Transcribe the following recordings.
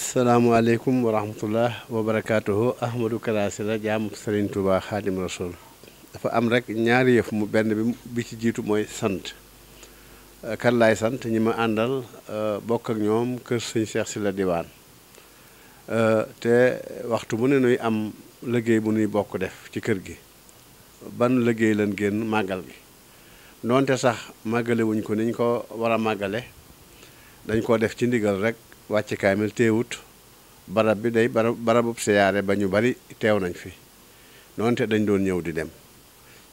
asalaamualeykum wa rahmatullah wa barakaatuhu ahmadou kalaasi la jaamu sëriñ Tuubaa xaadim rasul dafa am rek ñaari yëf mu benn bi bi ci jiitu mooy sant euh, kan sant ñi ma àndal euh, bokk ak ñoom kër sëñ Cheikh Sylla Diwaan euh, te waxtu bu ne nuy am liggéey bu nuy bokk def ci kër gi ban liggéey lan génn màggal gi doonte sax màggalewuñ wuñ ko niñ ko war a màggale dañ koo def ci ndigal rek wàcc kaamil teewut barab bi day barab barabub siyaare ba ñu bari teew nañ fi noonte dañ doon ñëw di dem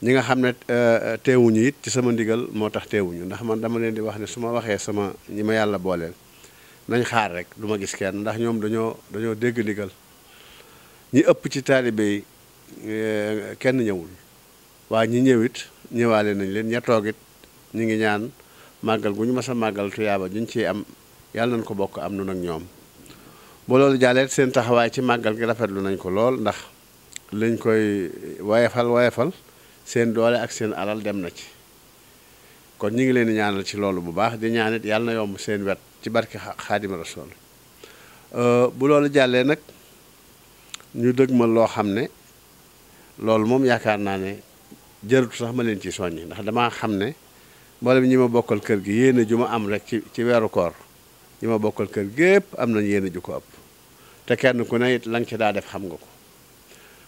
ñi nga xam ne eh, eh, teewuñu it ci sama ndigal moo tax teewuñu ndax man dama leen di wax ne su ma waxee sama ñi ma yàlla booleel nañ xaar rek du ma gis kenn ndax ñoom dañoo dañoo dégg ndigal ñi ëpp ci taalibe yi eh, kenn ñëwul waaye ñi ñëwit ñëwaale nañ leen ña toogit ñu ngi ñaan màggal gu ñu mas a màggal tuyaaba juñ ci am yàlla nañ ko bokk am nu nag ñoom ba loolu jàllee seen taxawaay ci màggal gi rafetlu nañ ko lool ndax liñ koy wayefal woyefal seen doole ak seen alal dem na ci kon ñu ngi leen di ñaanal ci loolu bu baax di ñaanit yàlla na yomb seen wet ci barke xaadima rasool euh, bu loolu jàllee nag ñu ma loo xam ne loolu moom yaakaar naa ne jërëtu sax ma leen ci soññi ndax damaa xam ne mboolem ñu ma bokkal kër gi yéene ju ma am rek ci ci weeru koor ñi ma bokkal kër gépp am nañ yéen jukko ju te kenn ku ne it la nga ci daa def xam nga ko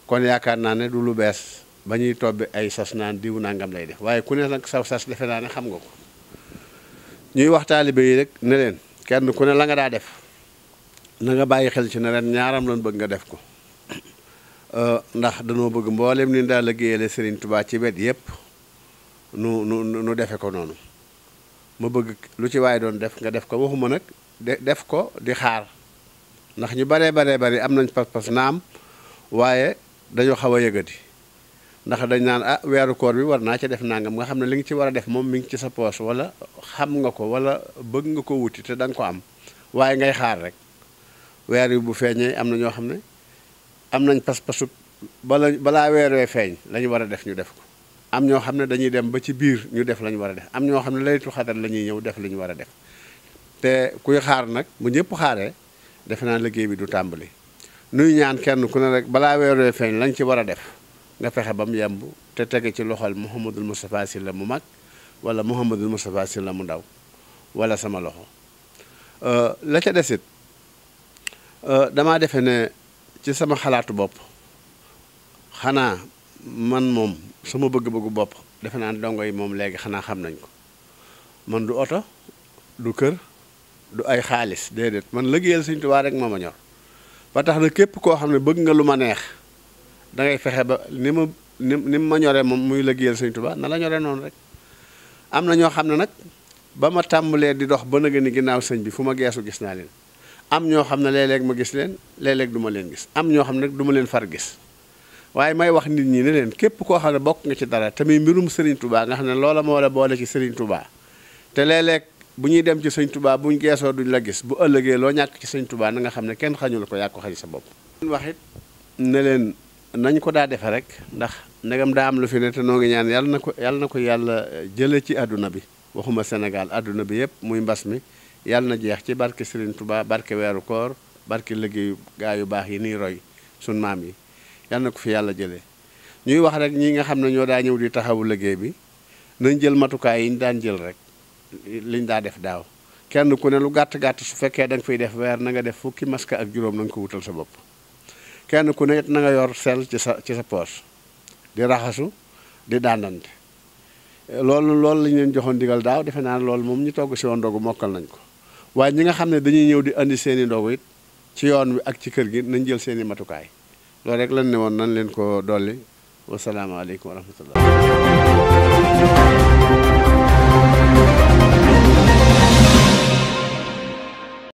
kon yaakaar naa ne du lu bees ba ñuy tobbi ay sas naan diw nangam lay def waaye ku ne nag saw sas defe naa ne xam nga ko ñuy wax taalibe yi rek ne leen kenn ku ne la nga daa def na nga bàyyi xel ci ne ren ñaaram lañ bëgg nga def ko euh, ndax danoo bëgg mboolem ni daa liggéeyale sëriñ Touba ci wet yépp nu nu nu defe ko noonu ma bëgg lu ci waaye doon def nga def ko waxuma nag def ko di xaar ndax ñu baree baree bari am nañ pas-pas naam waaye dañoo xaw a yëgati ndax dañ naan ah weeru koor bi war naa ci def nangam nga xam ne li nga ci war a def moom mi ngi ci sa poos wala xam nga ko wala bëgg nga ko wuti da nga ko am waaye ngay xaar rek weer wi bu feeñee am na ñoo xam ne am nañ pas-pasub bala balaa weer wee feeñ la ñu war a def ñu def ko am ñoo xam ne dañuy dem ba ci biir ñu def la ñu war a def am ñoo xam ne laytu xadar la ñuy ñëw def li ñu war a def te kuy xaar nag bu ñëpp xaaree defe naa liggéey bi du tàmbali nuy ñaan kenn ku ne rek balaa weeree feeñ lañ ci war a def nga fexe ba mu yemb te tege ci loxol Mouhamadul Moustapha si la mu mag wala Mouhamadul Moustapha si la mu ndaw wala sama loxo euh, la ca desit euh, damaa defe ne ci sama xalaatu bopp xanaa man moom sama bëgg-bëggu bopp defe naa dongo yi moom léegi xanaa xam nañ ko man du oto du kër du ay xaalis déedéet man liggéeyal Sëñ Tuubaa rek moo ma ñor ba tax na képp koo xam ne bëgg nga lu ma neex dangay fexe ba ni ma ni ni ma ñoree moom muy liggéeyal Sëñ Tuubaa na la ñoree noonu rek am na ñoo xam ne nag ba ma tàmbalee di dox ba naga ni ginnaaw sëñ bi fu ma geesu gis naa leen am ñoo xam ne léeg-léeg ma gis leen léeg-léeg ma leen gis am ñoo xam ne nag duma ma leen far gis waaye may wax nit ñi ne leen képp koo xam ne bokk nga ci dara tamit mbirum Serigne Touba nga xam ne loola moo la boole ci Serigne tubaa te léeg-léeg bu ñuy dem ci sëñ Touba buñ geesoo duñ la gis bu ëllëgee loo ñàkk ci sëñ Touba na nga xam ne kenn xañu la ko yàq ko sa bopp. wax it ne leen nañ ko daa defe rek ndax ndegam daa am lu fi ne te noo ngi ñaan yàlla na ko yàlla na ko yàlla jële ci àdduna bi waxuma Sénégal àdduna bi yëpp muy mbas mi yàlla na jeex ci barke Serigne Touba barke weeru koor barke gaa yu baax yi nii roy sun maam yi yal na ko fi yàlla jëlee ñuy wax rek ñi nga xam ne ñoo daa ñëw di taxawu liggéey bi nañ jël matukaay yi ñu daan jël rek liñ daa def daaw kenn ku ne lu gàtt gàtt su fekkee da nga fay def weer na nga def fukki masque ak juróom na nga ko wutal sa bopp kenn ku ne na nga yor sel ci sa ci sa poos di raxasu di daandante loolu loolu lañ leen joxoon digal daaw defe naa loolu moom ñu togg si woon ndogu mokkal nañ ko waaye ñi nga xam ne dañuy ñëw di indi seeni ndogu it ci yoon bi ak ci kër gi nañ jël seeni matukaay loolu rek lan ne woon nan leen ko dolli wasalaamaaleykum wa rahmatullah